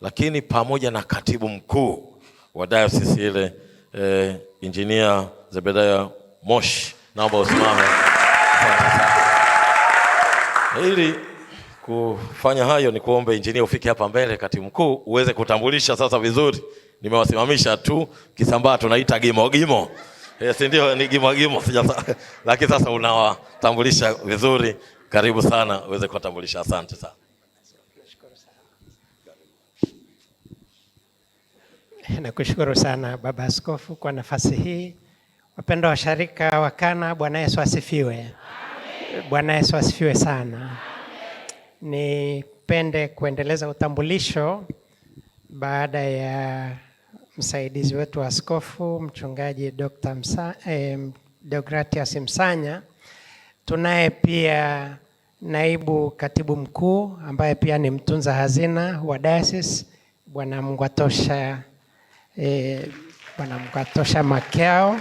Lakini pamoja na katibu mkuu wa dayosisi ile eh, Injinia Zebedaya Moshi, naomba usimame ili kufanya hayo ni kuomba injinia ufike hapa mbele, katibu mkuu, uweze kutambulisha sasa vizuri. Nimewasimamisha tu kisambaa, tunaita gimogimo. Yes, eh, ndio? Ni gimwagimo lakini sasa unawatambulisha vizuri. Karibu sana uweze kuwatambulisha. Asante sana. Nakushukuru sana Baba Askofu kwa nafasi hii. Wapendwa washarika wa Kana, Bwana Yesu asifiwe. Bwana Yesu asifiwe sana. Nipende kuendeleza utambulisho baada ya msaidizi wetu askofu mchungaji Dr. Msa, eh, Deogratias Msanya. Tunaye pia naibu katibu mkuu ambaye pia ni mtunza hazina wa diocese bwana Mngwatosha eh, bwana Mngwatosha Makao,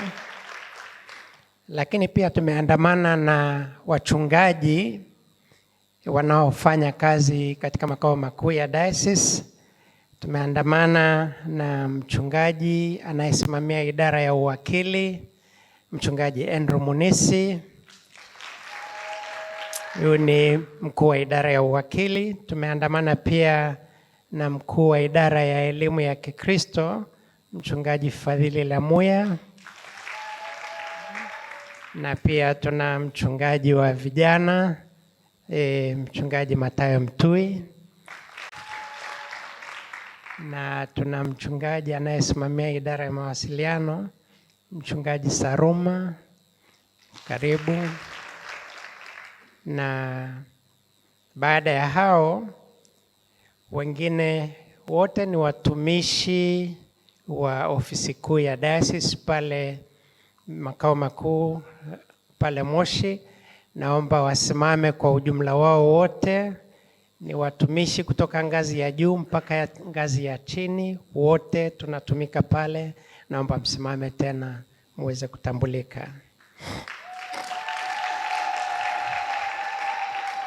lakini pia tumeandamana na wachungaji wanaofanya kazi katika makao makuu ya diocese Tumeandamana na mchungaji anayesimamia idara ya uwakili, mchungaji Andrew Munisi. Huyu ni mkuu wa idara ya uwakili. Tumeandamana pia na mkuu wa idara ya elimu ya Kikristo, mchungaji Fadhili Lamuya, na pia tuna mchungaji wa vijana e, mchungaji Matayo Mtui na tuna mchungaji anayesimamia idara ya mawasiliano, mchungaji Saruma, karibu. Na baada ya hao wengine wote ni watumishi wa ofisi kuu ya dayosisi pale makao makuu pale Moshi. Naomba wasimame kwa ujumla wao wote ni watumishi kutoka ngazi ya juu mpaka ngazi ya chini, wote tunatumika pale. Naomba msimame tena muweze kutambulika.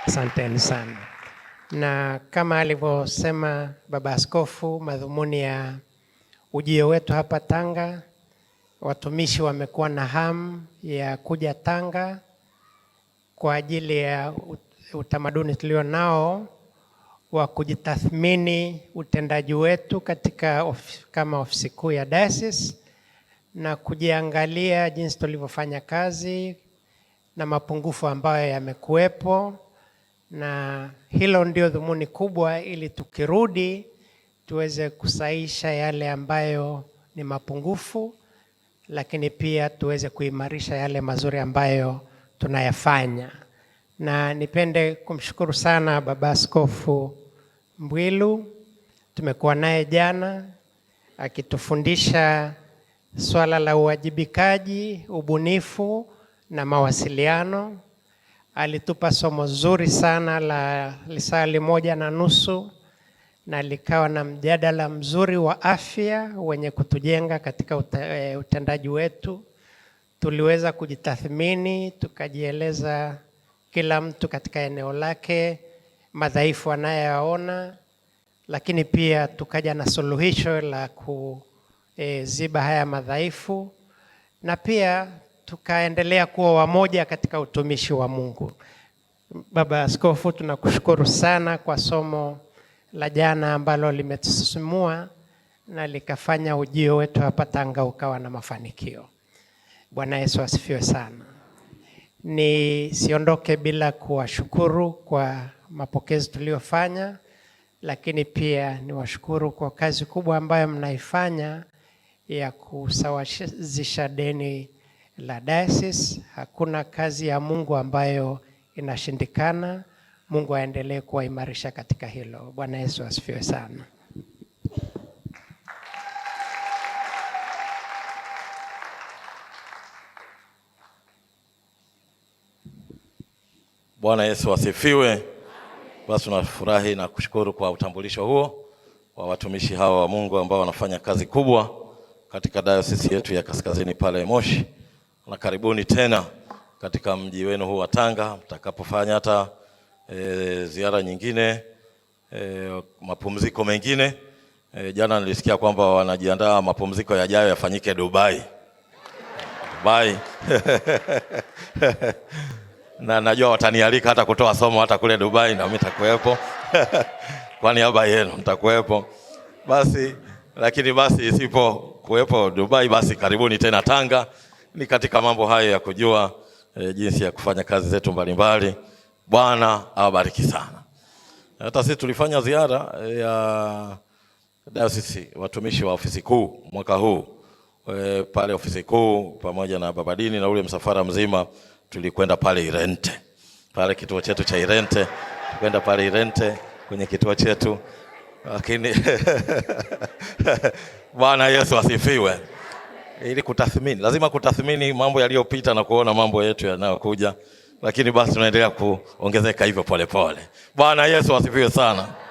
Asanteni sana. Na kama alivyosema Baba Askofu, madhumuni ya ujio wetu hapa Tanga, watumishi wamekuwa na hamu ya kuja Tanga kwa ajili ya utamaduni tulio nao wa kujitathmini utendaji wetu katika of, kama ofisi kuu ya Dayosisi na kujiangalia jinsi tulivyofanya kazi na mapungufu ambayo yamekuwepo, na hilo ndio dhumuni kubwa, ili tukirudi tuweze kusaisha yale ambayo ni mapungufu, lakini pia tuweze kuimarisha yale mazuri ambayo tunayafanya. Na nipende kumshukuru sana Baba Askofu Mbwilu tumekuwa naye jana akitufundisha swala la uwajibikaji, ubunifu na mawasiliano. Alitupa somo zuri sana la lisali moja na nusu na likawa na mjadala mzuri wa afya wenye kutujenga katika e, utendaji wetu. Tuliweza kujitathmini, tukajieleza kila mtu katika eneo lake madhaifu anayoyaona, lakini pia tukaja na suluhisho la kuziba e, haya madhaifu na pia tukaendelea kuwa wamoja katika utumishi wa Mungu. Baba Askofu, tunakushukuru sana kwa somo la jana ambalo limetusisimua na likafanya ujio wetu hapa Tanga ukawa na mafanikio. Bwana Yesu asifiwe sana. Nisiondoke bila kuwashukuru kwa mapokezi tuliyofanya, lakini pia niwashukuru kwa kazi kubwa ambayo mnaifanya ya kusawazisha deni la diocese. Hakuna kazi ya Mungu ambayo inashindikana. Mungu aendelee kuwaimarisha katika hilo. Bwana Yesu asifiwe sana. Bwana Yesu asifiwe. Basi tunafurahi na kushukuru kwa utambulisho huo wa watumishi hawa wa Mungu ambao wanafanya kazi kubwa katika dayosisi yetu ya Kaskazini pale Moshi, na karibuni tena katika mji wenu huu wa Tanga mtakapofanya hata e, ziara nyingine e, mapumziko mengine e, jana nilisikia kwamba wanajiandaa mapumziko yajayo yafanyike Dubai, Dubai. na najua watanialika hata kutoa somo hata kule Dubai, na mimi nitakuwepo kwa niaba yenu nitakuwepo. Basi lakini basi isipo kuwepo Dubai, basi karibuni tena Tanga. Ni katika mambo hayo ya kujua e, jinsi ya kufanya kazi zetu mbalimbali. Bwana awabariki sana. Hata sisi tulifanya ziara eh, ya dayosisi, watumishi wa ofisi kuu mwaka huu e, pale ofisi kuu pamoja na Babadini na ule msafara mzima tulikwenda pale Irente, pale kituo chetu cha Irente, tukwenda pale Irente kwenye kituo chetu lakini Bwana Yesu asifiwe. Ili kutathmini, lazima kutathmini mambo yaliyopita na kuona mambo yetu yanayokuja, lakini basi tunaendelea kuongezeka hivyo polepole. Bwana Yesu asifiwe sana.